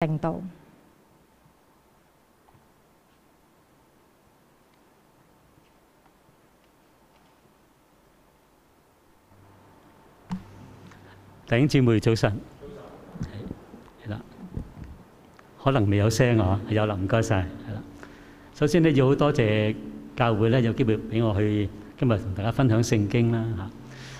領導弟兄姊妹早晨，係啦，可能未有聲啊，有啦，唔該晒係啦。首先呢要好多謝教會呢，有機會俾我去今日同大家分享聖經啦吓。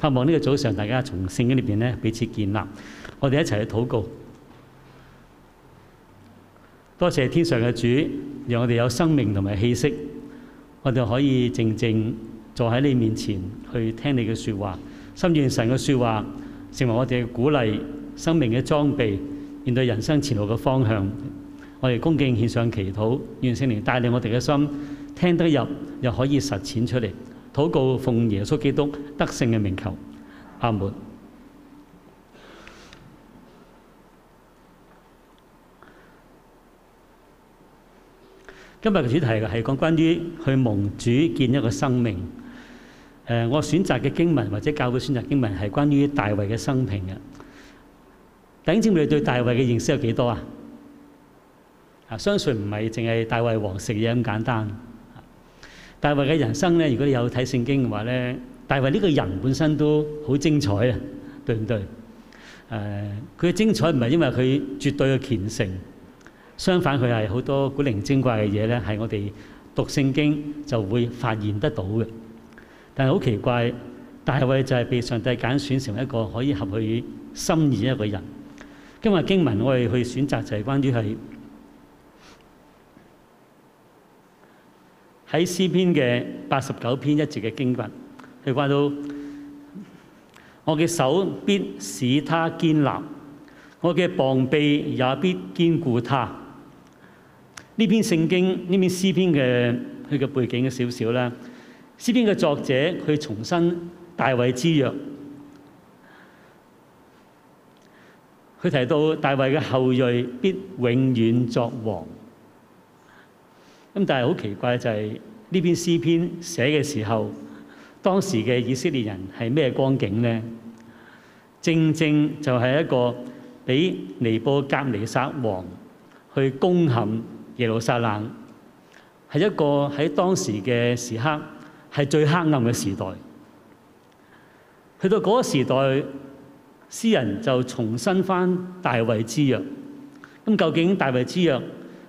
盼望呢個早上，大家從聖經裏邊咧彼此建立，我哋一齊去禱告。多謝天上嘅主，讓我哋有生命同埋氣息，我哋可以靜靜坐喺你面前去聽你嘅說話，心願神嘅說話成為我哋嘅鼓勵、生命嘅裝備，面對人生前路嘅方向。我哋恭敬獻上祈禱，願聖靈帶領我哋嘅心聽得入，又可以實踐出嚟。禱告奉耶穌基督得勝嘅名求，阿門。今日嘅主題嘅係講關於去蒙主建一個生命。誒，我選擇嘅經文或者教會選擇經文係關於大衛嘅生平嘅。弟兄姊妹對大衛嘅認識有幾多啊？啊，相信唔係淨係大衛王食嘢咁簡單。大衛嘅人生咧，如果你有睇聖經嘅話咧，大衛呢個人本身都好精彩啊，對唔對？誒、呃，佢嘅精彩唔係因為佢絕對嘅虔誠，相反佢係好多古靈精怪嘅嘢咧，係我哋讀聖經就會發現得到嘅。但係好奇怪，大衛就係被上帝揀選，選成為一個可以合佢心意嘅一個人。今日經文我哋去選擇就係關於係。喺詩篇嘅八十九篇一節嘅經文，佢話到：我嘅手必使他堅立，我嘅膀臂也必堅固他。呢篇聖經，呢篇詩篇嘅背景少少咧，詩篇嘅作者佢重申大衛之約，佢提到大衛嘅後裔必永遠作王。咁但係好奇怪就係呢篇詩篇寫嘅時候，當時嘅以色列人係咩光景呢？正正就係一個俾尼布甲尼撒王去攻陷耶路撒冷，係一個喺當時嘅時刻係最黑暗嘅時代。去到嗰個時代，詩人就重新翻大衛之約。咁究竟大衛之約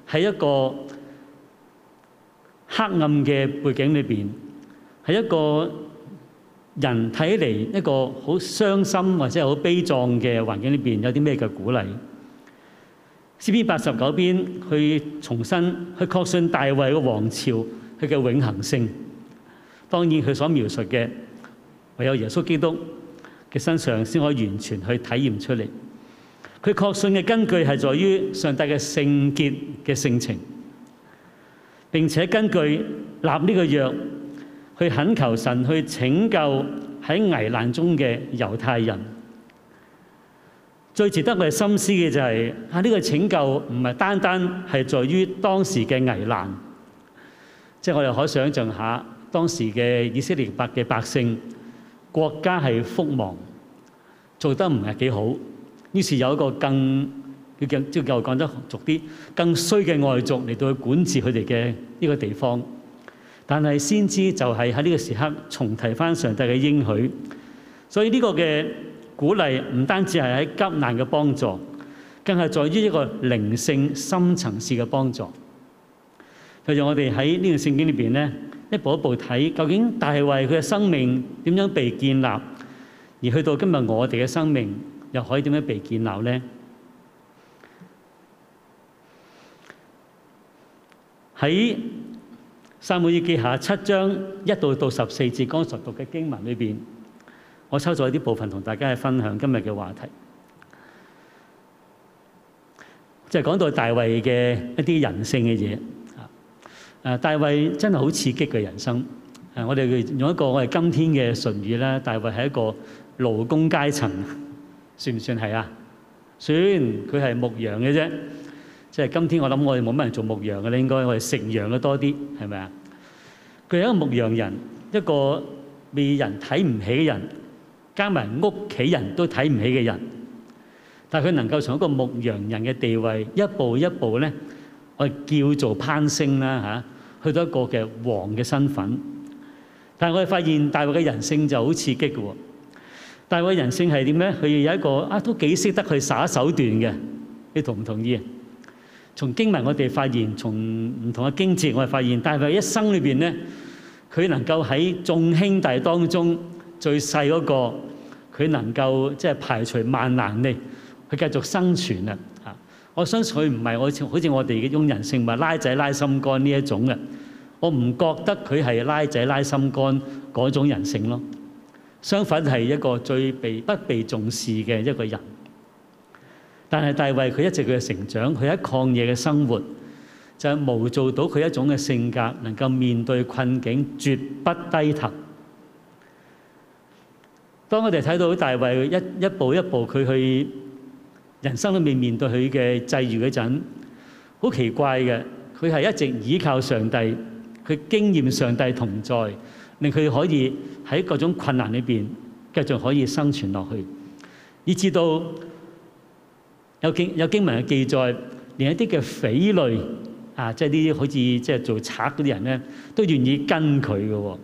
係一個？黑暗嘅背景裏邊，係一個人睇起嚟一個好傷心或者好悲壯嘅環境裏面什麼、CP89、邊，有啲咩嘅鼓勵？詩篇八十九篇去重新去確信大衛嘅王朝佢嘅永恆性。當然佢所描述嘅，唯有耶穌基督嘅身上先可以完全去體驗出嚟。佢確信嘅根據係在於上帝嘅聖潔嘅性情。並且根據立呢個約，去懇求神去拯救喺危難中嘅猶太人。最值得我哋深思嘅就係啊，呢個拯救唔係單單係在於當時嘅危難，即係我哋可想像下當時嘅以色列白嘅百姓，國家係覆亡，做得唔係幾好，於是有一個更。要教，即係講得俗啲更衰嘅外族嚟到去管治佢哋嘅呢個地方，但係先知就係喺呢個時刻重提翻上，上帝嘅應許，所以呢個嘅鼓勵唔單止係喺急難嘅幫助，更係在於一個靈性深層次嘅幫助。其實我哋喺呢段聖經裏邊咧，一步一步睇究竟大衛佢嘅生命點樣被建立，而去到今日我哋嘅生命又可以點樣被建立咧？喺《撒母耳記下》七章一到到十四節剛熟讀嘅經文裏邊，我抽咗一啲部分同大家去分享今日嘅話題，就係、是、講到大衛嘅一啲人性嘅嘢啊！誒，大衛真係好刺激嘅人生。誒，我哋用一個我哋今天嘅術語啦，大衛係一個勞工階層，算唔算係啊？算，佢係牧羊嘅啫。即係今天，我諗我哋冇乜人做牧羊嘅咧。應該我哋食羊嘅多啲，係咪啊？佢係一個牧羊人，一個被人睇唔起嘅人，加埋屋企人都睇唔起嘅人。但係佢能夠從一個牧羊人嘅地位一步一步咧，我哋叫做攀升啦嚇，去到一個嘅王嘅身份。但係我哋發現大衛嘅人性就好刺激嘅喎。大衛嘅人性係點咧？佢有一個啊，都幾識得去耍手段嘅。你同唔同意啊？從經文我哋發現，從唔同嘅經節我哋發現，但係佢一生裏邊咧，佢能夠喺眾兄弟當中最細嗰個，佢能夠即係排除萬難咧，去繼續生存啊！啊，我相信佢唔係我好似我哋嗰種人性咪拉仔拉心肝呢一種嘅，我唔覺得佢係拉仔拉心肝嗰種人性咯，相反係一個最被不被重視嘅一個人。但係大衛佢一直佢嘅成長，佢喺曠野嘅生活就係模造到佢一種嘅性格，能夠面對困境絕不低頭。當我哋睇到大衛一一步一步佢去人生裏面面對佢嘅際遇嗰陣，好奇怪嘅，佢係一直依靠上帝，佢經驗上帝同在，令佢可以喺各種困難裏邊繼續可以生存落去，以至到。有經有經文嘅記載，連一啲嘅匪類啊，即係呢啲好似即係做賊嗰啲人咧，都願意跟佢嘅。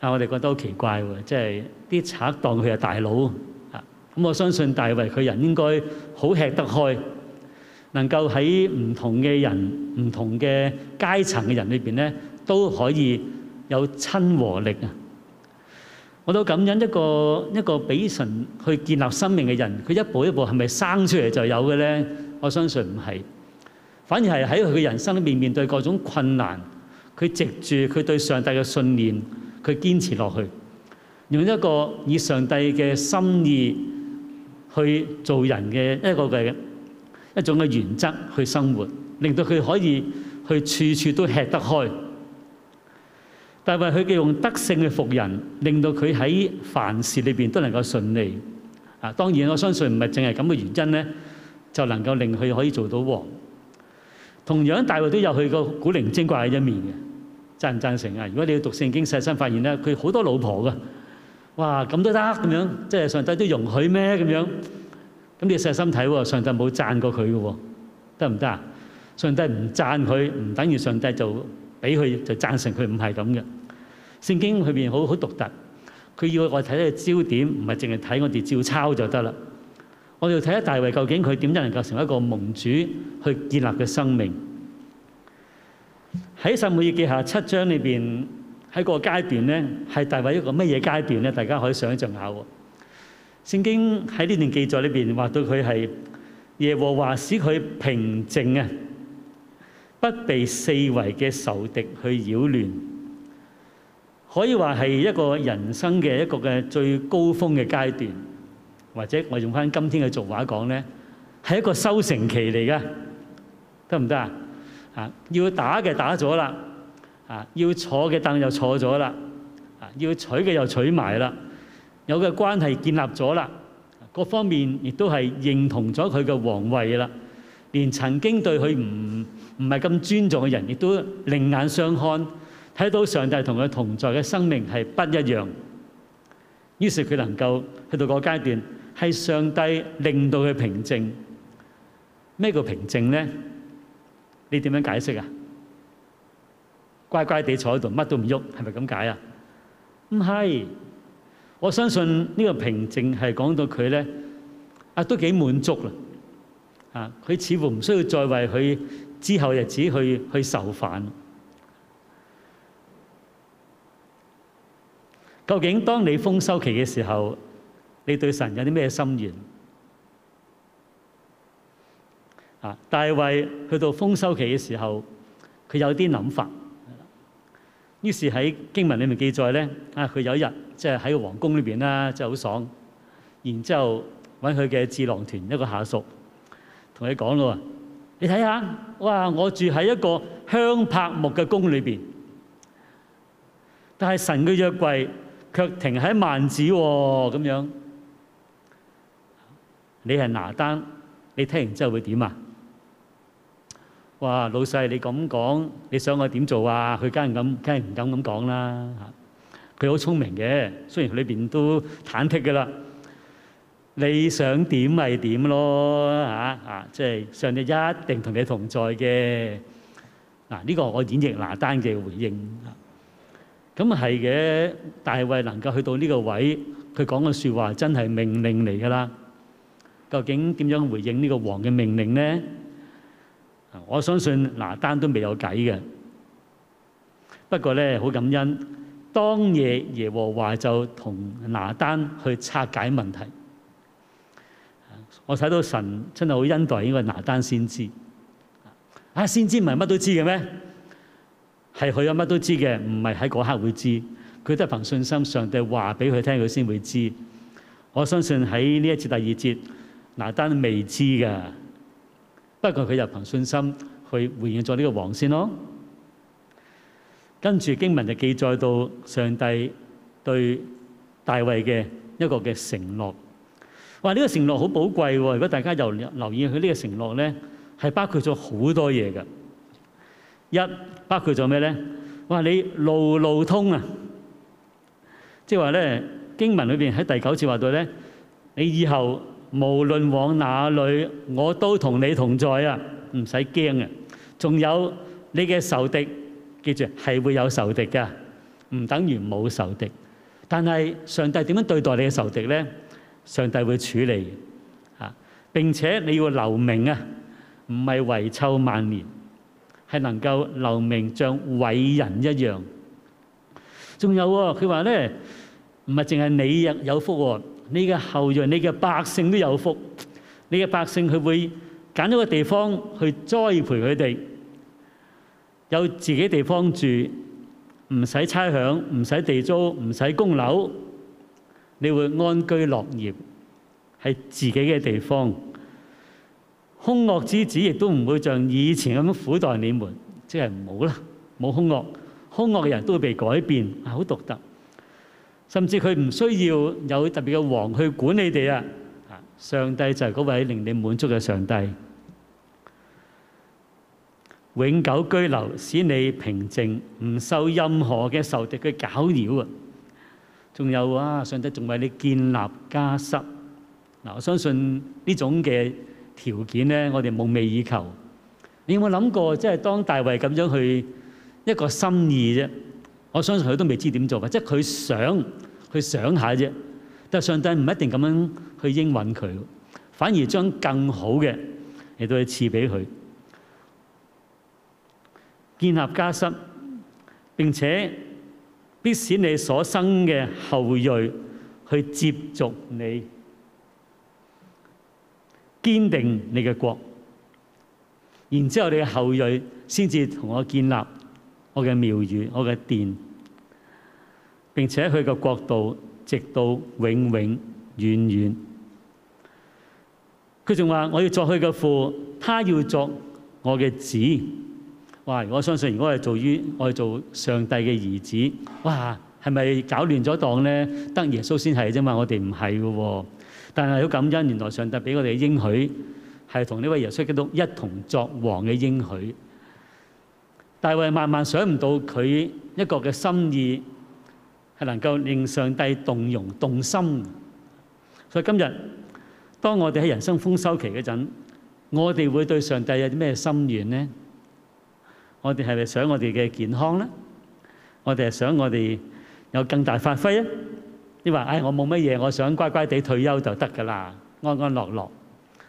啊，我哋覺得好奇怪喎，即係啲賊當佢係大佬啊。咁我相信大衛佢人應該好吃得開，能夠喺唔同嘅人、唔同嘅階層嘅人裏邊咧，都可以有親和力啊。我都感恩一個一個俾神去建立生命嘅人，佢一步一步係咪生出嚟就有嘅呢？我相信唔係，反而係喺佢嘅人生裏面面對各種困難，佢藉住佢對上帝嘅信念，佢堅持落去，用一個以上帝嘅心意去做人嘅一個嘅一種嘅原則去生活，令到佢可以去處處都吃得開。但係佢嘅用德性去服人，令到佢喺凡事裏邊都能夠順利。啊，當然我相信唔係淨係咁嘅原因咧，就能夠令佢可以做到王。同樣大衛都有佢個古靈精怪一面嘅，贊唔贊成啊？如果你要讀聖經細心發現咧，佢好多老婆噶，哇，咁都得咁樣，即係上帝都容許咩咁樣？咁你細心睇喎，上帝冇贊過佢嘅喎，得唔得啊？上帝唔贊佢，唔等於上帝就俾佢就贊成佢唔係咁嘅。不是這樣的。聖經裏邊好好獨特，佢要我睇嘅焦點唔係淨係睇我哋照抄就得啦，我哋要睇下大衛究竟佢點樣能夠成為一個蒙主去建立嘅生命。喺《撒母耳記下》七章裏邊，喺個階段咧，係大衛一個乜嘢階段咧？大家可以想象下喎。聖經喺呢段記載裏邊話到佢係耶和華使佢平靜啊，不被四圍嘅仇敵去擾亂。可以話係一個人生嘅一個嘅最高峰嘅階段，或者我用翻今天嘅俗話講咧，係一個收成期嚟㗎，得唔得啊？啊，要打嘅打咗啦，啊，要坐嘅凳又坐咗啦，啊，要娶嘅又娶埋啦，有嘅關係建立咗啦，各方面亦都係認同咗佢嘅王位啦，連曾經對佢唔唔係咁尊重嘅人，亦都另眼相看。睇到上帝同佢同在嘅生命係不一樣，於是佢能夠去到個階段，係上帝令到佢平靜。咩叫平靜咧？你點樣解釋啊？乖乖地坐喺度，乜都唔喐，係咪咁解啊？唔係，我相信呢個平靜係講到佢咧，啊都幾滿足啦，啊佢似乎唔需要再為佢之後的日子去去受煩。究竟當你豐收期嘅時候，你對神有啲咩心願啊？大衛去到豐收期嘅時候，佢有啲諗法，於是喺經文裡面記載咧，啊佢有一日即係喺個皇宮裏邊啦，即係好爽，然之後揾佢嘅智囊團一個下屬，同佢講咯，你睇下，哇！我住喺一個香柏木嘅宮裏邊，但係神嘅約櫃，卻停喺萬子喎，咁樣你係拿單，你聽完之後會點啊？哇，老細你咁講，你想我點做啊？佢梗係咁，梗係唔敢咁講啦嚇。佢好聰明嘅，雖然裏邊都忐忑㗎啦。你想點咪點咯嚇嚇？即係上帝一定同你同在嘅。嗱，呢個我演繹拿單嘅回應。咁係嘅，大衛能夠去到呢個位，佢講嘅說話真係命令嚟噶啦。究竟點樣回應呢個王嘅命令呢？我相信拿單都未有計嘅。不過咧，好感恩，當夜耶和華就同拿單去拆解問題。我睇到神真係好恩待呢個拿單先知。啊，先知唔係乜都知嘅咩？係佢有乜都知嘅，唔係喺嗰刻會知，佢都係憑信心，上帝話俾佢聽，佢先會知。我相信喺呢一節第二節，拿單未知噶，不過佢又憑信心去回應咗呢個王先咯。跟住經文就記載到上帝對大衛嘅一個嘅承諾，哇！呢、這個承諾好寶貴喎，如果大家又留，留意佢呢個承諾咧，係包括咗好多嘢嘅。一包括咗咩咧？哇！你路路通啊，即係話咧，經文裏邊喺第九節話到咧，你以後無論往哪裏，我都同你同在啊，唔使驚啊。仲有你嘅仇敵，記住係會有仇敵噶，唔等於冇仇敵。但係上帝點樣對待你嘅仇敵咧？上帝會處理啊，並且你要留名啊，唔係遺臭萬年。係能夠留名像偉人一樣，仲有啊，佢話咧，唔係淨係你有有福喎，你嘅後裔、你嘅百姓都有福。你嘅百姓佢會揀一個地方去栽培佢哋，有自己地方住，唔使差餉，唔使地租，唔使供樓，你會安居樂業喺自己嘅地方。兇惡之子亦都唔會像以前咁苦待你們，即係唔好啦，冇兇惡，兇惡嘅人都會被改變，好獨特。甚至佢唔需要有特別嘅王去管你哋啊！上帝就係嗰位令你滿足嘅上帝，永久居留，使你平靜，唔受任何嘅仇敵嘅攪擾啊！仲有啊，上帝仲為你建立家室嗱，我相信呢種嘅。條件咧，我哋夢寐以求。你有冇諗過，即係當大衛咁樣去一個心意啫？我相信佢都未知點做，即係佢想去想下啫。但係上帝唔一定咁樣去應允佢，反而將更好嘅嚟到去賜俾佢，建立家室，並且必使你所生嘅後裔去接續你。堅定你嘅國，然之後你嘅後裔先至同我建立我嘅廟宇、我嘅殿，並且佢嘅國度直到永永遠遠。佢仲話：我要作佢嘅父，他要作我嘅子。哇！我相信，如果係做於我哋做上帝嘅兒子，哇，係咪搞亂咗檔咧？得耶穌先係啫嘛，我哋唔係噶喎。但係要感恩，原來上帝俾我哋嘅應許係同呢位耶穌基督一同作王嘅應許。但係萬萬想唔到佢一個嘅心意係能夠令上帝動容動心。所以今日當我哋喺人生豐收期嗰陣，我哋會對上帝有啲咩心願呢？我哋係咪想我哋嘅健康呢？我哋係想我哋有更大發揮啊！話：唉，我冇乜嘢，我想乖乖地退休就得噶啦，安安樂樂。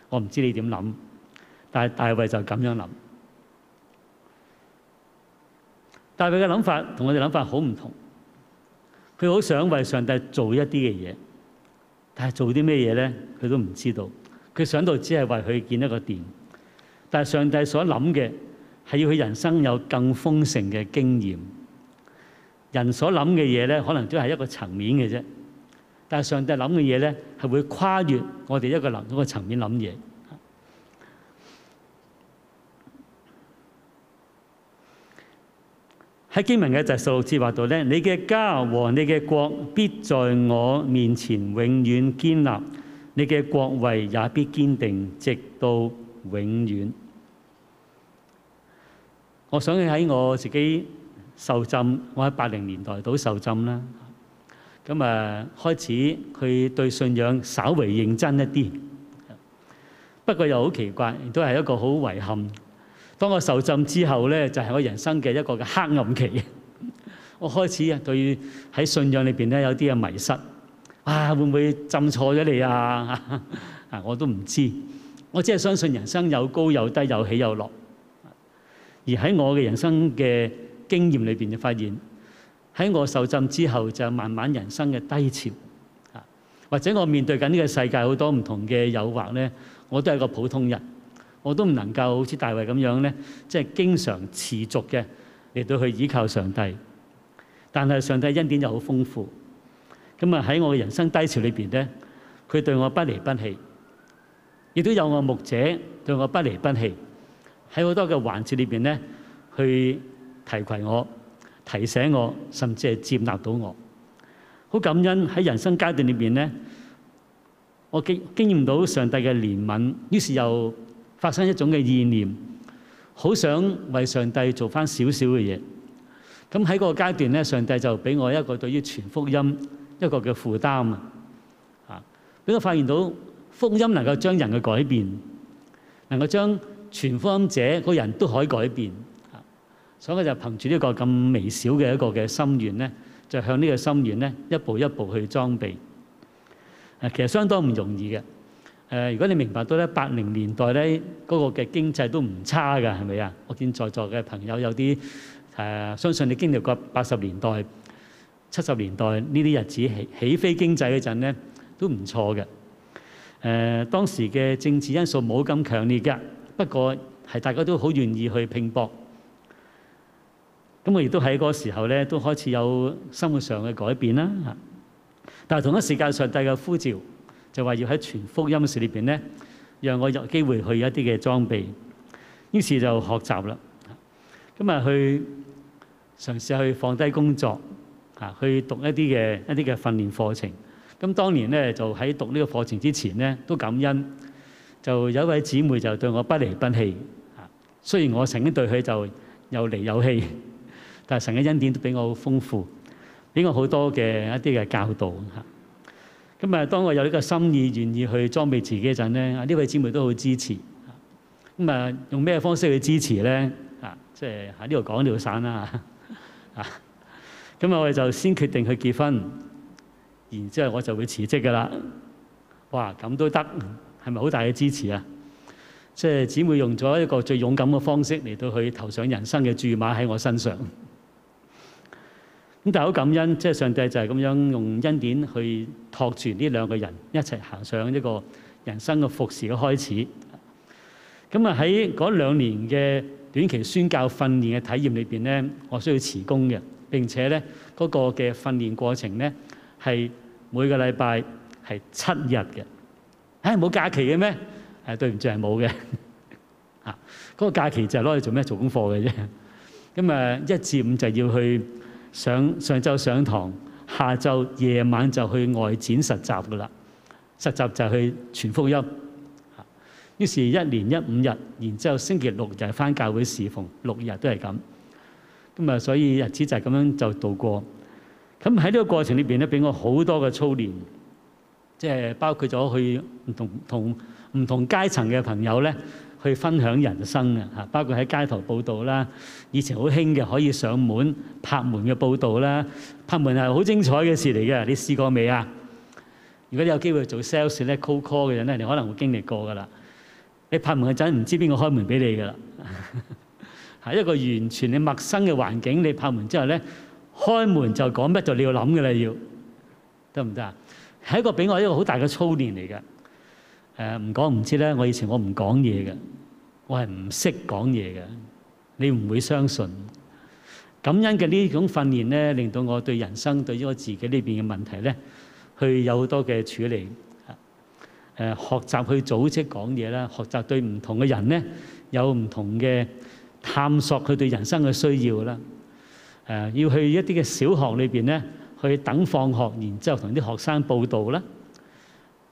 我唔知你點諗，但係大衛就咁樣諗。大衛嘅諗法同我哋諗法好唔同。佢好想為上帝做一啲嘅嘢，但係做啲咩嘢咧？佢都唔知道。佢想到只係為佢建一個殿，但係上帝所諗嘅係要佢人生有更豐盛嘅經驗。人所諗嘅嘢咧，可能都係一個層面嘅啫。但上帝諗嘅嘢咧，係會跨越我哋一個能個層面諗嘢。喺經文嘅第十六節話到咧，你嘅家和你嘅國必在我面前永遠堅立，你嘅國位也必堅定，直到永遠。我想起喺我自己受浸，我喺八零年代到受浸啦。咁啊，開始佢對信仰稍為認真一啲，不過又好奇怪，亦都係一個好遺憾。當我受浸之後咧，就係我人生嘅一個嘅黑暗期。我開始啊，對喺信仰裏面咧有啲嘅迷失。哇，會唔會浸錯咗你啊？啊，我都唔知。我只係相信人生有高有低，有起有落。而喺我嘅人生嘅經驗裏面，就發現。喺我受浸之後，就慢慢人生嘅低潮，啊，或者我面對緊呢個世界好多唔同嘅誘惑咧，我都係個普通人，我都唔能夠好似大衛咁樣咧，即係經常持續嘅嚟到去依靠上帝。但係上帝恩典又好豐富，咁啊喺我嘅人生低潮裏邊咧，佢對我不離不棄，亦都有我嘅牧者對我不離不棄，喺好多嘅環節裏邊咧，去提攜我。提醒我，甚至係接納到我，好感恩喺人生階段裏面咧，我經經驗到上帝嘅憐憫，於是又發生一種嘅意念，好想為上帝做返少少嘅嘢。咁喺個階段咧，上帝就俾我一個對於傳福音一個嘅負擔，啊，俾我發現到福音能夠將人嘅改變，能夠將傳福音者個人都可以改變。所以就憑住呢個咁微小嘅一個嘅心願咧，就向呢個心願咧一步一步去裝備誒，其實相當唔容易嘅誒。如果你明白到咧，八零年代咧嗰個嘅經濟都唔差㗎，係咪啊？我見在座嘅朋友有啲誒，相信你經歷過八十年代、七十年代呢啲日子起起飛經濟嗰陣咧，都唔錯嘅誒。當時嘅政治因素冇咁強烈㗎，不過係大家都好願意去拼搏。咁我亦都喺嗰時候咧，都開始有生活上嘅改變啦。但係同一時間上，上帝嘅呼召就話要喺全福音嘅事裏邊咧，讓我有機會去一啲嘅裝備，於是就學習啦。咁啊，去嘗試去放低工作啊，去讀一啲嘅一啲嘅訓練課程。咁當年咧，就喺讀呢個課程之前咧，都感恩就有一位姊妹就對我不離不棄啊。雖然我曾經對佢就有離有棄。但係神嘅恩典都比我好豐富，比我好多嘅一啲嘅教導嚇。咁啊，當我有呢個心意願意去裝備自己一陣咧，啊呢位姊妹都好支持嚇。咁啊，用咩方式去支持咧？啊，即係喺呢度講呢度散啦嚇。啊，咁啊，我哋就先決定去結婚，然之後我就會辭職㗎喇。哇，咁都得，係咪好大嘅支持啊？即係姊妹用咗一個最勇敢嘅方式嚟到去投上人生嘅注碼喺我身上。咁大好感恩，即係上帝就係咁樣用恩典去托住呢兩個人一齊行上一個人生嘅服侍嘅開始。咁啊喺嗰兩年嘅短期宣教訓練嘅體驗裏邊咧，我需要辭工嘅，並且咧嗰個嘅訓練過程咧係每個禮拜係七日嘅。唉，冇假期嘅咩？誒，對唔住，係冇嘅。啊，嗰 個假期就係攞嚟做咩？做功課嘅啫。咁啊，一至五就要去。上上晝上堂，下晝夜晚就去外展實習噶啦。實習就去傳福音。於是，一年一五日，然之後星期六就係翻教會侍奉，六日都係咁。咁啊，所以日子就咁樣就度過。咁喺呢個過程裏邊咧，俾我好多嘅操練，即係包括咗去唔同、同唔同階層嘅朋友咧。去分享人生嘅嚇，包括喺街頭報道啦，以前好興嘅可以上門拍門嘅報道啦，拍門係好精彩嘅事嚟嘅，你試過未啊？如果你有機會做 sales 咧 cold call 嘅人咧，你可能會經歷過噶啦。你拍門嘅陣，唔知邊個開門俾你噶啦，係 一個完全你陌生嘅環境，你拍門之後咧，開門就講乜，就你要諗嘅啦，要得唔得啊？係一個俾我一個好大嘅操練嚟嘅。誒唔講唔知咧，我以前我唔講嘢嘅，我係唔識講嘢嘅，你唔會相信。感恩嘅呢種訓練咧，令到我對人生對於我自己呢邊嘅問題咧，去有好多嘅處理。誒學習去組織講嘢啦，學習對唔同嘅人咧有唔同嘅探索佢對人生嘅需要啦。誒要去一啲嘅小學裏邊咧，去等放學，然之後同啲學生報道啦。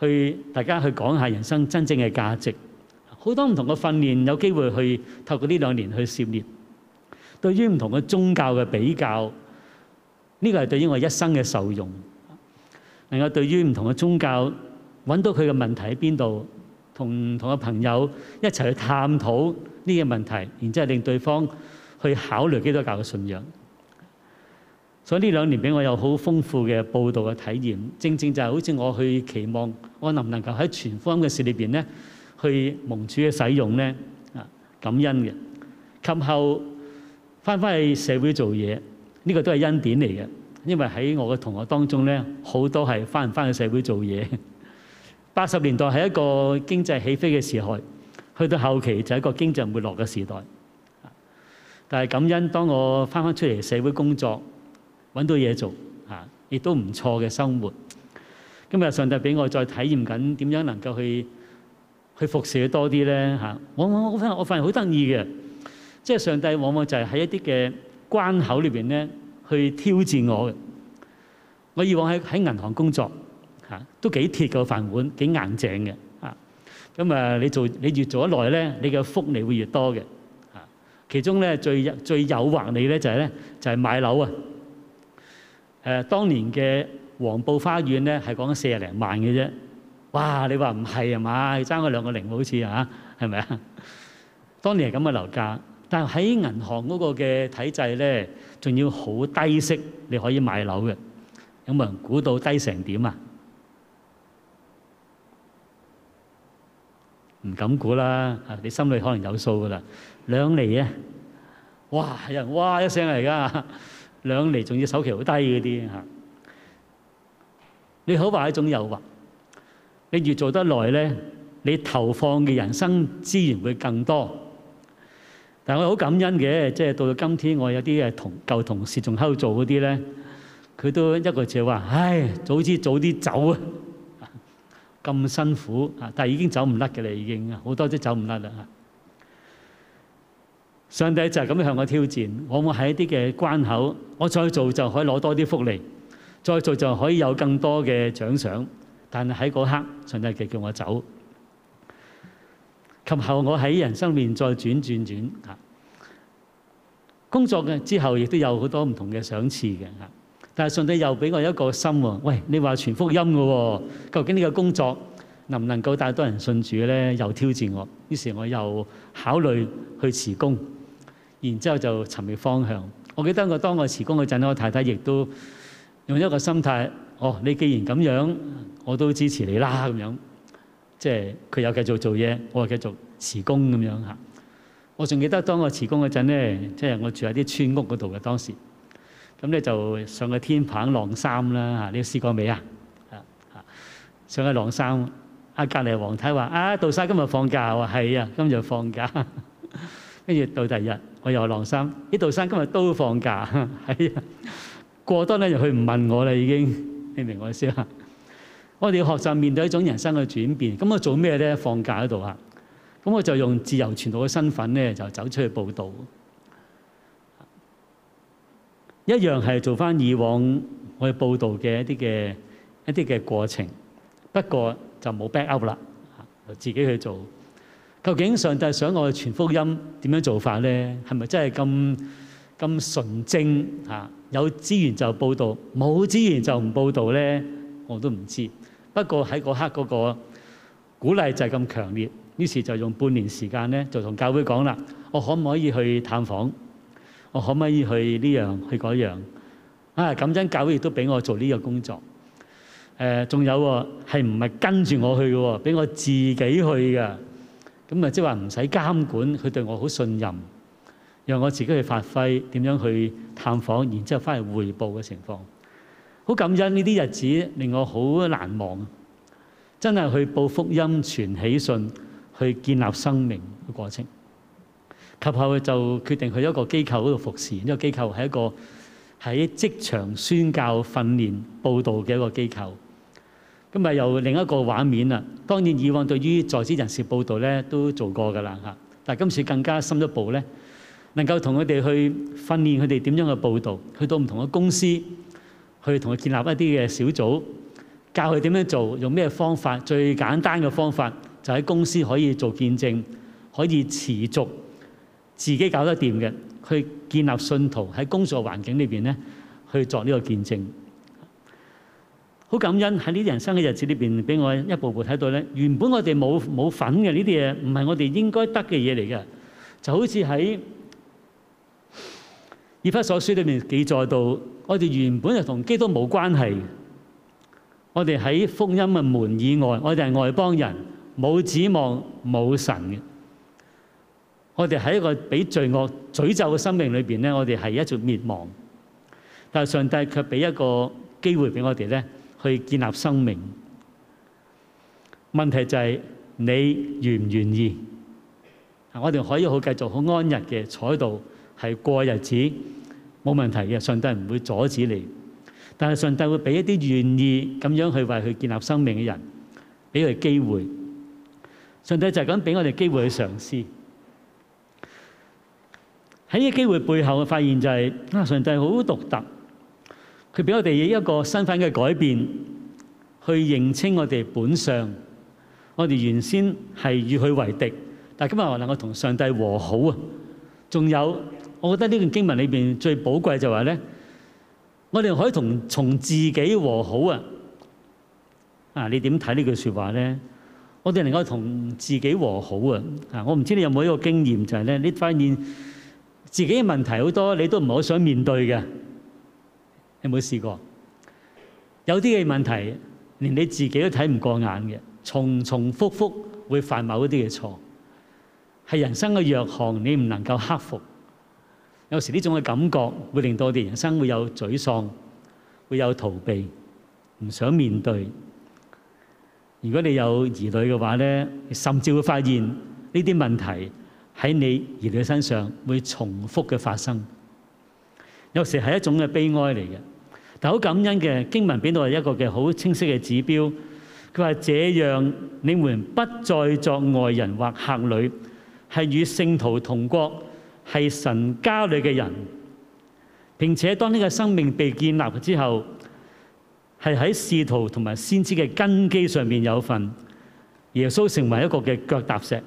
去大家去講下人生真正嘅價值，好多唔同嘅訓練有機會去透過呢兩年去涉獵。對於唔同嘅宗教嘅比較，呢個係對於我一生嘅受用。能夠對於唔同嘅宗教揾到佢嘅問題喺邊度，同唔同嘅朋友一齊去探討呢個問題，然之後令對方去考慮基督教嘅信仰。所以呢兩年俾我有好豐富嘅報道嘅體驗，正正就係好似我去期望，我能唔能夠喺全方位嘅事裏邊咧，去蒙主嘅使用咧啊，感恩嘅。及後翻返去社會做嘢，呢、呢個都係恩典嚟嘅，因為喺我嘅同學當中咧，好多係翻唔翻去社會做嘢。八十年代係一個經濟起飛嘅時代，去到後期就係一個經濟沒落嘅時代。但係感恩，當我翻返出嚟社會工作。揾到嘢做嚇，亦都唔錯嘅生活。今日上帝俾我再體驗緊點樣能夠去去服侍多啲咧嚇。我我我我發現好得意嘅，即係上帝往往就係喺一啲嘅關口裏邊咧，去挑戰我嘅。我以往喺喺銀行工作嚇，都幾鐵個飯碗，幾硬淨嘅嚇。咁啊，你做你越做得耐咧，你嘅福利會越多嘅嚇。其中咧最最誘惑你咧就係咧就係買樓啊！誒，當年嘅黃埔花園咧，係講四十零萬嘅啫。哇！你話唔係係嘛？爭嗰兩個零好似嚇，係咪啊？當年係咁嘅樓價，但喺銀行嗰個嘅體制咧，仲要好低息，你可以買樓嘅。有冇人估到低成點啊？唔敢估啦！你心裏可能有數噶啦，兩釐啊！哇！有人哇一聲嚟噶～兩釐仲要首期好低嗰啲嚇，你好話係一種誘惑。你越做得耐咧，你投放嘅人生資源會更多。但係我好感恩嘅，即係到到今天，我有啲誒同舊同事仲喺度做嗰啲咧，佢都一個字話，唉，早知早啲走啊，咁辛苦啊！但係已經走唔甩嘅啦，已經好多都走唔甩啦。上帝就咁樣向我挑戰，我冇喺一啲嘅關口，我再做就可以攞多啲福利，再做就可以有更多嘅獎賞。但係喺嗰刻，上帝就叫我走。及後我喺人生面再轉轉轉，工作嘅之後亦都有好多唔同嘅賞賜嘅吓。但係上帝又俾我一個心喎，喂，你話傳福音嘅喎，究竟呢個工作能唔能夠帶多人信主咧？又挑戰我，於是我又考慮去辭工。然之後就尋覓方向。我記得我當我辭工嗰陣，我太太亦都用一個心態，哦，你既然咁樣，我都支持你啦。咁樣即係佢又繼續做嘢，我又繼續辭工咁樣嚇。我仲記得當我辭工嗰陣咧，即係我住喺啲村屋嗰度嘅當時。咁咧就上個天棚晾衫啦嚇。你試過未啊？嚇嚇，上個晾衫。啊隔離王太話，啊杜生今日放假喎，係啊，今日放假。跟住到第二日，我又晾衫。呢度生今日都放假，係啊，過多咧就佢唔問我啦，已經，你明我意思啦。我哋要學習面對一種人生嘅轉變，咁我做咩咧？放假喺度啊，咁我就用自由傳道嘅身份咧，就走出去報導，一樣係做翻以往我哋報導嘅一啲嘅一啲嘅過程，不過就冇 back up 啦，就自己去做。究竟上帝想我去傳福音點樣做法咧？係咪真係咁咁純正嚇？有資源就報道，冇資源就唔報道咧？我都唔知。不過喺嗰刻嗰個鼓勵就係咁強烈，於是就用半年時間咧就同教會講啦。我可唔可以去探訪？我可唔可以去呢樣去嗰樣啊？咁真教會亦都俾我做呢個工作。誒、呃，仲有喎，係唔係跟住我去嘅？俾我自己去嘅。咁啊，即係話唔使監管，佢對我好信任，讓我自己去發揮點樣去探訪，然之後翻去彙報嘅情況，好感恩呢啲日子令我好難忘，真係去報福音、傳喜訊、去建立生命嘅過程。及後就決定去一個機構度服侍，呢個機構係一個喺職場宣教訓練報道嘅一個機構。今日又有另一個畫面啦。當然以往對於在職人士報道咧都做過㗎啦嚇，但今次更加深一步咧，能夠同佢哋去訓練佢哋點樣嘅報道，去到唔同嘅公司去同佢建立一啲嘅小組，教佢點樣做，用咩方法，最簡單嘅方法就喺公司可以做見證，可以持續自己搞得掂嘅，去建立信徒喺工作環境裏邊咧去作呢個見證。好感恩喺呢啲人生嘅日子裏邊，俾我一步步睇到咧。原本我哋冇冇份嘅呢啲嘢，唔係我哋應該得嘅嘢嚟嘅。就好似喺《以弗所書》裏面記載到，我哋原本就同基督冇關係，我哋喺福音嘅門以外，我哋係外邦人，冇指望冇神嘅。我哋喺一個俾罪惡詛咒嘅生命裏邊咧，我哋係一直滅亡。但係上帝卻俾一個機會俾我哋咧。去建立生命，問題就係你願唔願意？我哋可以好繼續好安逸嘅坐喺度，係過日子冇問題嘅。上帝唔會阻止你，但係上帝會俾一啲願意咁樣去為佢建立生命嘅人俾佢機會。上帝就係咁俾我哋機會去嘗試。喺呢個機會背後嘅發現就係，啊上帝好獨特。佢俾我哋以一個身份嘅改變，去認清我哋本相。我哋原先係與佢為敵，但係今日話能夠同上帝和好啊！仲有，我覺得呢段經文裏邊最寶貴就話咧，我哋可以同從自己和好啊！啊，你點睇呢句説話咧？我哋能夠同自己和好啊！啊，我唔知你有冇一個經驗，就係、是、咧你發現自己嘅問題好多，你都唔係好想面對嘅。你有冇試過？有啲嘅問題連你自己都睇唔過眼嘅，重重複複會犯某一啲嘅錯，係人生嘅弱項，你唔能夠克服。有時呢種嘅感覺會令到我哋人生會有沮喪，會有逃避，唔想面對。如果你有疑慮嘅話咧，你甚至會發現呢啲問題喺你兒女身上會重複嘅發生。有時係一種嘅悲哀嚟嘅。但好感恩嘅經文，俾到係一個嘅好清晰嘅指標。佢話：這樣你們不再作外人或客旅，係與聖徒同國，係神家裏嘅人。並且當呢個生命被建立之後，係喺使徒同埋先知嘅根基上面有份。耶穌成為一個嘅腳踏石，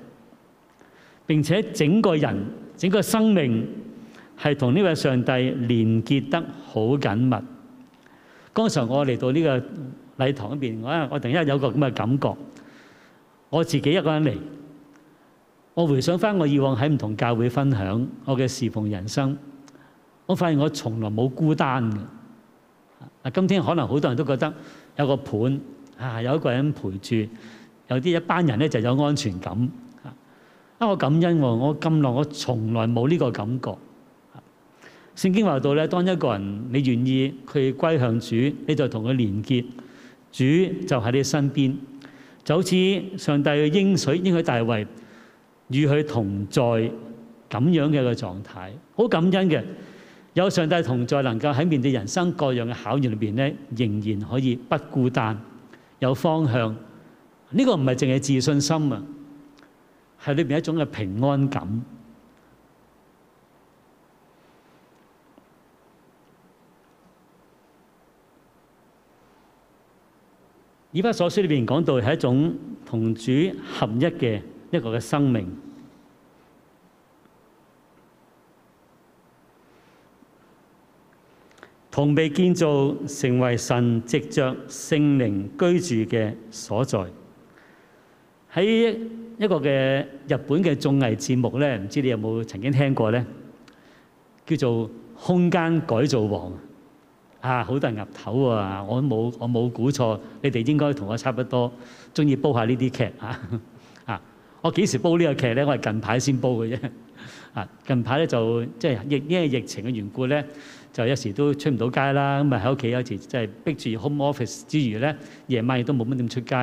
並且整個人、整個生命係同呢位上帝連結得好緊密。剛才我嚟到呢個禮堂裏面，我突然有一個咁嘅感覺，我自己一個人嚟，我回想返我以往喺唔同教會分享我嘅侍奉人生，我發現我從來冇孤單嘅。今天可能好多人都覺得有個伴啊，有一個人陪住，有啲一班人呢就有安全感。啊，我感恩喎，我咁耐我從來冇呢個感覺。聖經話到咧，當一個人你願意去歸向主，你就同佢連結，主就喺你身邊，就好似上帝嘅應許，應許大衛與佢同在咁樣嘅一個狀態，好感恩嘅。有上帝同在，能夠喺面對人生各樣嘅考驗裏邊咧，仍然可以不孤單，有方向。呢、這個唔係淨係自信心啊，係裏邊一種嘅平安感。《以弗所書》裏面講到係一種同主合一嘅一個嘅生命，同被建造成為神藉著聖靈居住嘅所在。喺一個嘅日本嘅綜藝節目呢，唔知你有冇曾經聽過呢？叫做《空間改造王》。啊！好多人岌頭喎，啊，我冇我冇估錯，你哋應該同我差不多中意煲下呢啲劇嚇啊！我幾時煲呢個劇咧？我係近排先煲嘅啫啊！近排咧就即係疫因為疫情嘅緣故咧，就有時都出唔到街啦。咁咪喺屋企有時即係逼住 home office 之餘咧，夜晚亦都冇乜點出街。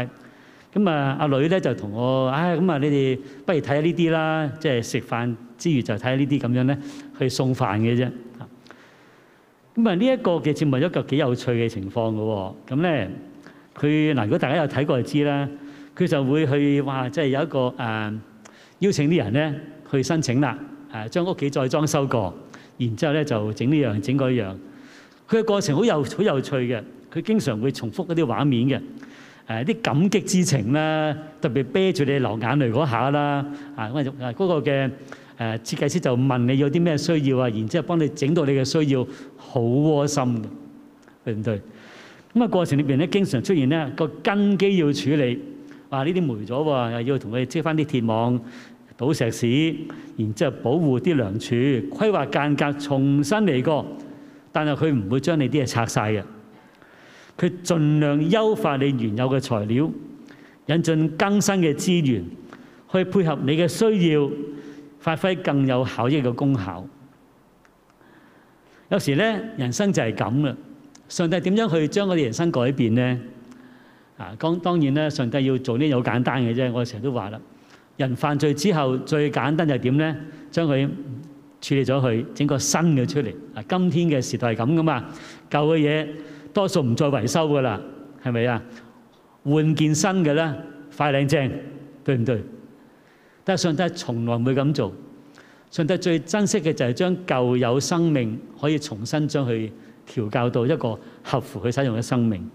咁啊，阿女咧就同我唉，咁啊你哋不如睇下呢啲啦，即係食飯之餘就睇下呢啲咁樣咧，去送飯嘅啫。咁啊，呢一個嘅節目一個幾有趣嘅情況嘅喎，咁咧佢嗱，如果大家有睇過就知啦，佢就會去話，即係有一個誒邀請啲人咧去申請啦，誒將屋企再裝修過，然之後咧就整呢樣整嗰樣，佢嘅過程好有好有趣嘅，佢經常會重複嗰啲畫面嘅，誒啲感激之情啦，特別啤住你流眼淚嗰下啦，啊嗰個嘅誒設計師就問你有啲咩需要啊，然之後幫你整到你嘅需要。然後幫你好窩心嘅，對唔對？咁啊過程裏邊咧，經常出現咧個根基要處理，話呢啲霉咗喎，又要同佢遮翻啲鐵網、倒石屎，然之後保護啲梁柱、規劃間隔，重新嚟過。但係佢唔會將你啲嘢拆晒嘅，佢盡量優化你原有嘅材料，引進更新嘅資源，去配合你嘅需要，發揮更有效益嘅功效。有時咧，人生就係咁啦。上帝點樣去將我哋人生改變咧？啊，當當然咧，上帝要做啲好簡單嘅啫。我成日都話啦，人犯罪之後最簡單就係點咧？將佢處理咗，佢整個新嘅出嚟。啊，今天嘅時代係咁噶嘛？舊嘅嘢多數唔再維修噶啦，係咪啊？換件新嘅啦，快靚正，對唔對？但係上帝從來唔會咁做。上帝最珍惜嘅就係將舊有生命可以重新將佢調教到一個合乎佢使用嘅生命。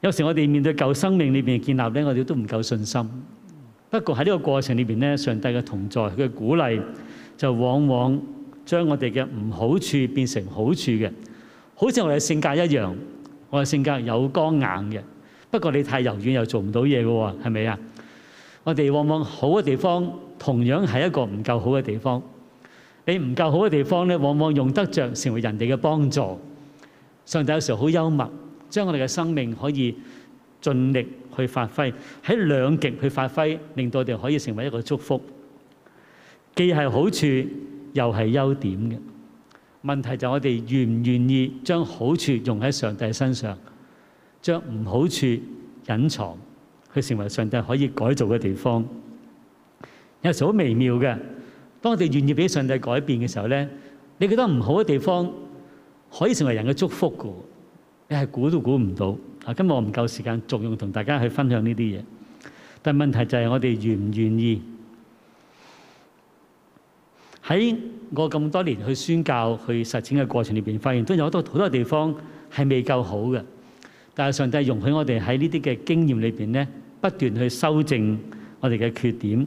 有時我哋面對舊生命裏面嘅建立咧，我哋都唔夠信心。不過喺呢個過程裏邊咧，上帝嘅同在、佢嘅鼓勵，就往往將我哋嘅唔好處變成好處嘅。好似我哋性格一樣，我哋性格有剛硬嘅，不過你太柔軟又做唔到嘢嘅喎，係咪啊？我哋往往好嘅地方，同樣係一個唔夠好嘅地方。你唔夠好嘅地方咧，往往用得着成為人哋嘅幫助。上帝有時候好幽默，將我哋嘅生命可以盡力去發揮，喺兩極去發揮，令到我哋可以成為一個祝福，既係好處又係優點嘅。問題就係我哋願唔願意將好處用喺上帝身上，將唔好處隱藏，去成為上帝可以改造嘅地方。有時好微妙嘅，當我哋願意俾上帝改變嘅時候咧，你覺得唔好嘅地方可以成為人嘅祝福嘅，你係估都估唔到啊！今日我唔夠時間作用同大家去分享呢啲嘢，但係問題就係我哋願唔願意喺我咁多年去宣教、去實踐嘅過程裏邊，發現都有好多好多地方係未夠好嘅。但係上帝容許我哋喺呢啲嘅經驗裏邊咧，不斷去修正我哋嘅缺點。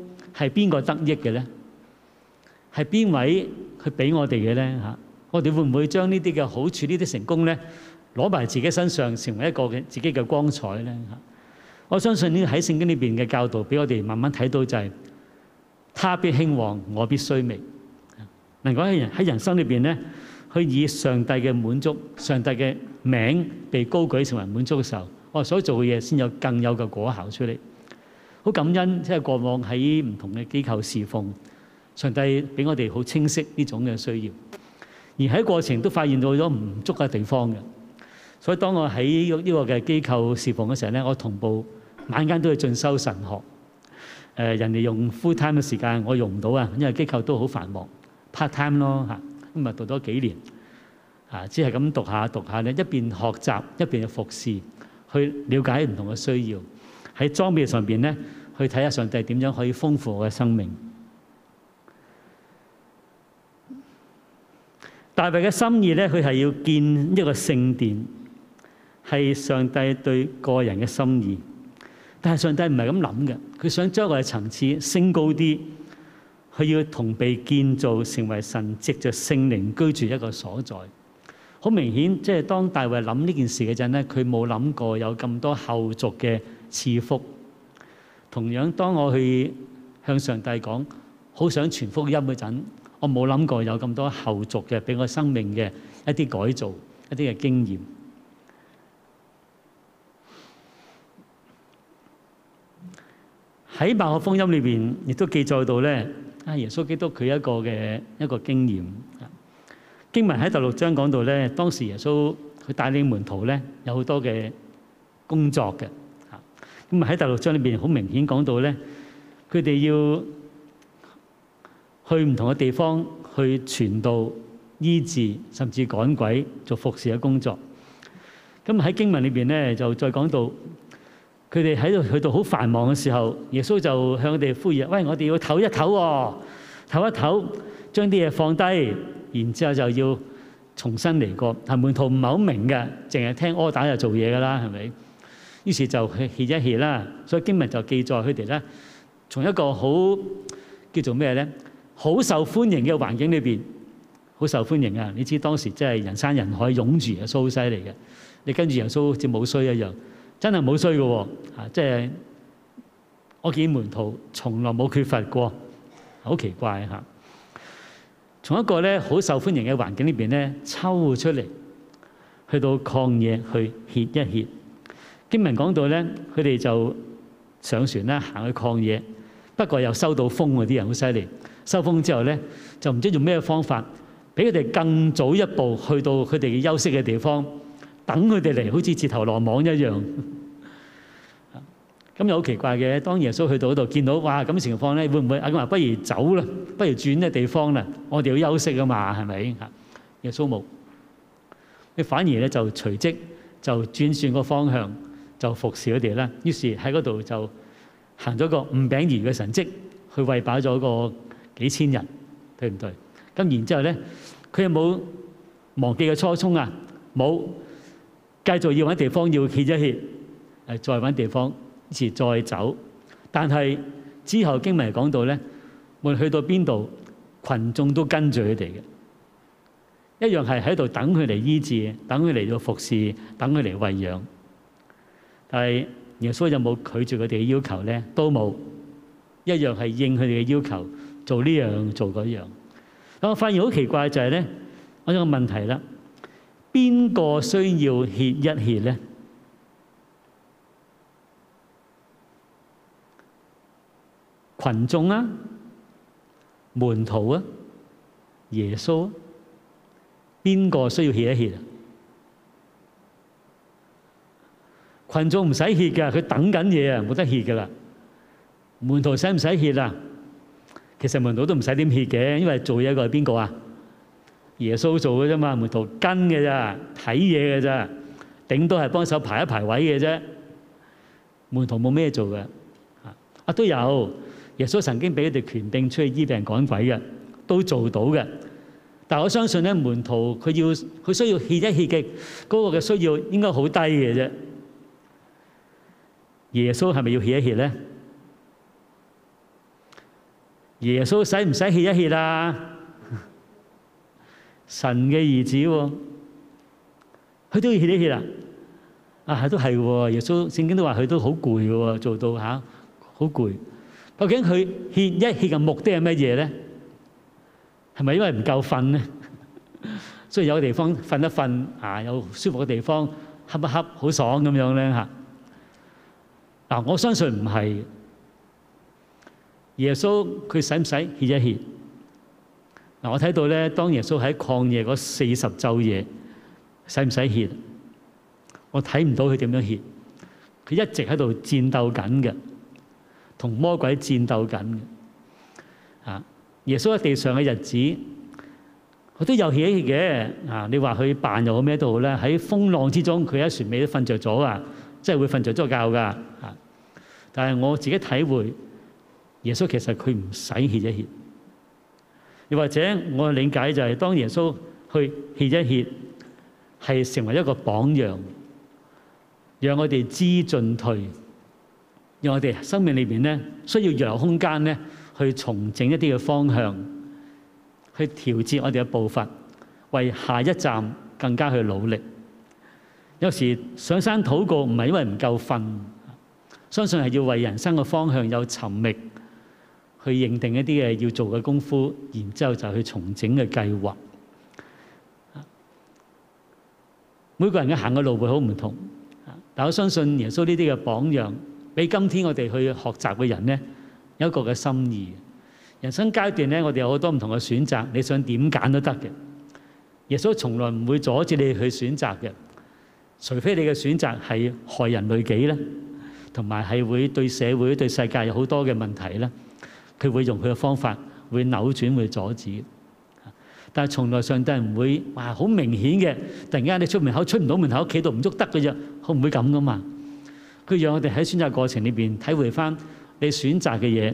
係邊個得益嘅咧？係邊位去俾我哋嘅咧？吓，我哋會唔會將呢啲嘅好處、呢啲成功咧，攞埋自己身上，成為一個嘅自己嘅光彩咧？吓，我相信呢喺聖經裏邊嘅教導，俾我哋慢慢睇到就係，他必興旺，我必衰微。能講係人喺人生裏邊咧，去以上帝嘅滿足、上帝嘅名被高舉成為滿足嘅時候，我所做嘅嘢先有更有嘅果效出嚟。好感恩，即係過往喺唔同嘅機構侍奉，上帝俾我哋好清晰呢種嘅需要，而喺過程都發現到咗唔足嘅地方嘅，所以當我喺呢個嘅機構侍奉嘅時候咧，我同步晚間都要進修神學。誒，人哋用 full time 嘅時間，我用唔到啊，因為機構都好繁忙，part time 咯嚇，咁啊讀咗幾年，嚇，只係咁讀下讀下咧，一邊學習一邊嘅服侍，去了解唔同嘅需要。喺裝備上邊咧，去睇下上帝點樣可以豐富我嘅生命。大衛嘅心意咧，佢係要建一個聖殿，係上帝對個人嘅心意。但係上帝唔係咁諗嘅，佢想將個層次升高啲，佢要同被建造成為神藉着聖靈居住一個所在。好明顯，即係當大衛諗呢件事嘅陣咧，佢冇諗過有咁多後續嘅。賜福同樣，當我去向上帝講，好想傳福音嗰陣，我冇諗過有咁多後續嘅俾我生命嘅一啲改造、一啲嘅經驗。喺《馬可福音》裏邊，亦都記載到咧啊，耶穌基督佢一個嘅一個經驗。經文喺第六章講到咧，當時耶穌佢帶領門徒咧有好多嘅工作嘅。咁啊喺《大陸章》裏邊好明顯講到咧，佢哋要去唔同嘅地方去傳道、醫治，甚至趕鬼做服侍嘅工作。咁喺經文裏邊咧就再講到，佢哋喺度去到好繁忙嘅時候，耶穌就向佢哋呼應：喂，我哋要唞一唞喎，唞一唞，將啲嘢放低，然之後就要重新嚟過。但門徒唔係好明嘅，淨係聽柯打就做嘢㗎啦，係咪？於是就去歇一歇啦，所以今日就記載佢哋咧，從一個好叫做咩咧，好受歡迎嘅環境裏邊，好受歡迎啊！你知道當時真係人山人海擁住啊，耶穌犀利嘅，你跟住耶穌好似冇衰一樣，真係冇衰嘅喎。即係我見門徒從來冇缺乏過，好奇怪嚇。從一個咧好受歡迎嘅環境裏邊咧，抽出嚟去到曠野去歇一歇。經文講到咧，佢哋就上船啦，行去曠野。不過又收到風，嗰啲人好犀利，收風之後咧，就唔知用咩方法，俾佢哋更早一步去到佢哋嘅休息嘅地方，等佢哋嚟，好似自投羅網一樣。咁 又好奇怪嘅。當耶穌去到嗰度，見到哇咁情況咧，會唔會阿佢話不如走啦，不如轉個地方啦。我哋要休息啊嘛，係咪？耶穌冇，佢反而咧就隨即就轉船個方向。就服侍佢哋啦。於是喺嗰度就行咗個五餅二魚嘅神蹟，去餵飽咗個幾千人，對唔對？咁然之後咧，佢有冇忘記嘅初衷啊，冇繼續要揾地方要歇一歇，誒再揾地方，於是再走。但係之後經文講到咧，無論去到邊度，群眾都跟住佢哋嘅，一樣係喺度等佢嚟醫治，等佢嚟到服侍，等佢嚟餵養。係耶穌有冇拒絕佢哋嘅要求咧？都冇，一樣係應佢哋嘅要求做呢樣做嗰樣。咁我發現好奇怪就係咧，我有個問題啦：邊個需要歇一歇咧？群眾啊，門徒啊，耶穌啊，邊個需要歇一歇啊？群眾唔使怯㗎，佢等緊嘢啊，冇得怯㗎啦。門徒使唔使怯啊？其實門徒都唔使點怯嘅，因為做嘢個係邊個啊？耶穌做嘅啫嘛，門徒跟嘅咋，睇嘢嘅咋，頂多係幫手排一排位嘅啫。門徒冇咩做嘅嚇啊都有。耶穌曾經俾佢哋權柄出去醫病人趕鬼嘅，都做到嘅。但我相信咧，門徒佢要佢需要怯一怯嘅嗰個嘅需要應該好低嘅啫。耶穌係咪要歇一歇咧？耶穌使唔使歇一歇啊？神嘅兒子喎，佢都要歇一歇啊！啊，都係喎，耶穌聖經都話佢都好攰嘅喎，做到吓好攰。究竟佢歇一歇嘅目的係乜嘢咧？係咪因為唔夠瞓咧？所以有個地方瞓一瞓啊，有舒服嘅地方，瞌一瞌好爽咁樣咧吓。嗱，我相信唔係。耶穌佢使唔使歇一歇？嗱，我睇到咧，當耶穌喺曠野嗰四十晝夜，使唔使歇？我睇唔到佢點樣歇，佢一直喺度戰鬥緊嘅，同魔鬼戰鬥緊嘅。啊，耶穌喺地上嘅日子，佢都有歇一歇嘅。嗱，你話佢扮又咩都好咧？喺風浪之中，佢喺船尾都瞓着咗啊！即係會瞓着咗個覺噶。啊！但係我自己體會，耶穌其實佢唔使歇一歇，又或者我理解就係當耶穌去歇一歇，係成為一個榜樣，讓我哋知進退，讓我哋生命裏面咧需要餘留空間咧，去重整一啲嘅方向，去調節我哋嘅步伐，為下一站更加去努力。有時上山禱告唔係因為唔夠瞓。相信係要為人生嘅方向有尋覓，去認定一啲嘅要做嘅功夫，然之後就去重整嘅計劃。每個人嘅行嘅路會好唔同，但我相信耶穌呢啲嘅榜樣，俾今天我哋去學習嘅人咧有一個嘅心意。人生階段咧，我哋有好多唔同嘅選擇，你想點揀都得嘅。耶穌從來唔會阻止你去選擇嘅，除非你嘅選擇係害人累己咧。同埋係會對社會對世界有好多嘅問題咧，佢會用佢嘅方法會扭轉會阻止。但係從來上帝係唔會話好明顯嘅，突然間你出門口出唔到門口，企度唔喐得嘅啫，會唔會咁噶嘛？佢讓我哋喺選擇過程裏邊體會翻你選擇嘅嘢，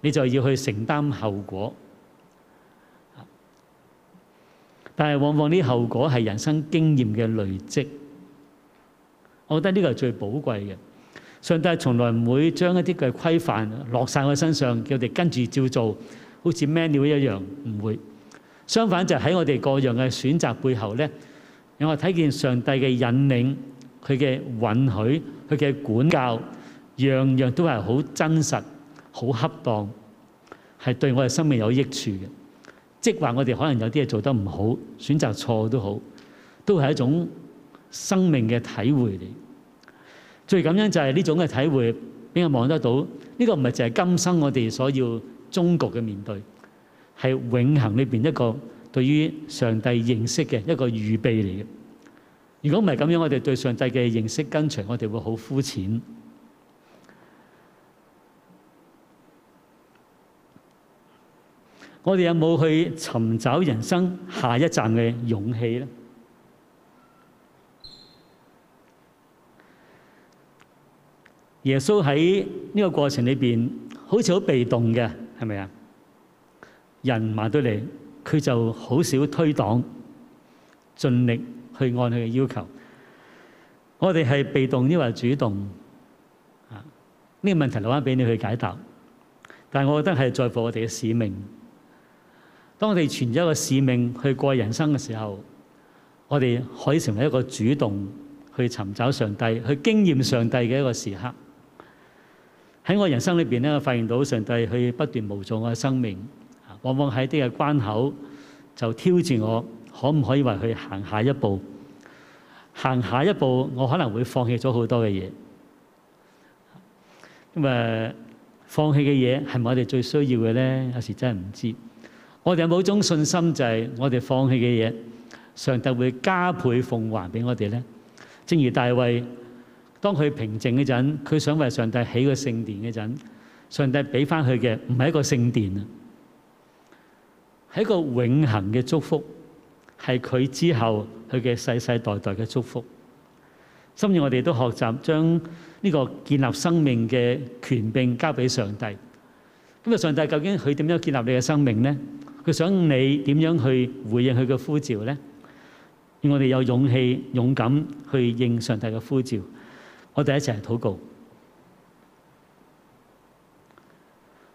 你就要去承擔後果。但係往往呢後果係人生經驗嘅累積，我覺得呢個係最寶貴嘅。上帝從來唔會將一啲嘅規範落晒我身上，叫我哋跟住照做好似 menu 一樣，唔會。相反就喺我哋各樣嘅選擇背後呢，我睇見上帝嘅引領、佢嘅允許、佢嘅管教，樣樣都係好真實、好恰當，係對我哋生命有益處嘅。即係話我哋可能有啲嘢做得唔好，選擇錯都好，都係一種生命嘅體會嚟。最感恩就係呢種嘅體會，畀人望得到。呢、這個唔係就係今生我哋所要終局嘅面對，係永恒裏面一個對於上帝認識嘅一個預備嚟。如果唔係咁樣，我哋對上帝嘅認識跟隨，我哋會好膚淺。我哋有冇有去尋找人生下一站嘅勇氣呢？耶穌喺呢個過程裏面好似好被動嘅，係咪啊？人埋到嚟，佢就好少推擋，盡力去按佢嘅要求。我哋係被動抑或主動啊？呢個問題留翻俾你去解答。但係我覺得係在乎我哋嘅使命。當我哋存咗一個使命去過人生嘅時候，我哋可以成為一個主動去尋找上帝、去經驗上帝嘅一個時刻。喺我人生裏邊咧，我發現到上帝去不斷塑造我嘅生命，往往喺啲嘅關口就挑戰我，可唔可以為佢行下一步？行下一步，我可能會放棄咗好多嘅嘢。咁、嗯、誒，放棄嘅嘢係咪我哋最需要嘅咧？有時真係唔知。我哋有冇一種信心，就係、是、我哋放棄嘅嘢，上帝會加倍奉還俾我哋咧？正如大衛。當佢平靜嗰陣，佢想為上帝起個聖殿嗰陣，上帝俾翻佢嘅唔係一個聖殿啊，係一個永恒嘅祝福，係佢之後佢嘅世世代代嘅祝福。甚至我哋都學習將呢個建立生命嘅權柄交俾上帝。咁啊，上帝究竟佢點樣建立你嘅生命咧？佢想你點樣去回應佢嘅呼召咧？要我哋有勇氣、勇敢去應上帝嘅呼召。我哋一齊去禱告，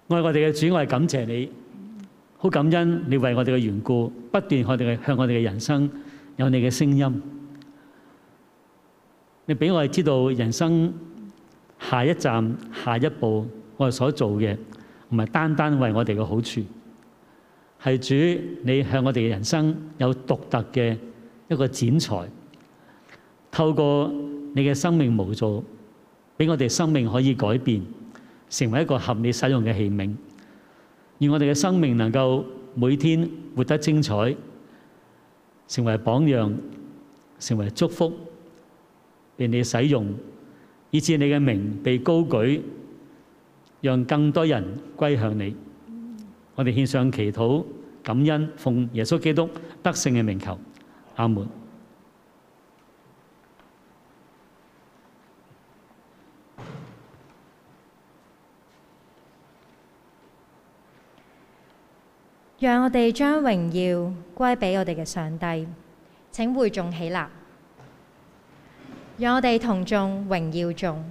愛我哋嘅主，我係感謝你，好感恩你為我哋嘅緣故，不斷我哋嘅向我哋嘅人生有你嘅聲音，你俾我哋知道人生下一站、下一步，我哋所做嘅唔係單單為我哋嘅好處，係主你向我哋嘅人生有獨特嘅一個剪裁，透過。你嘅生命無助，俾我哋生命可以改變，成為一個合理使用嘅器皿，而我哋嘅生命能夠每天活得精彩，成為榜樣，成為祝福，俾你使用，以致你嘅名被高舉，讓更多人歸向你。我哋獻上祈禱、感恩、奉耶穌基督得勝嘅名求，阿門。讓我哋將榮耀歸俾我哋嘅上帝。請會眾起立。讓我哋同眾榮耀眾。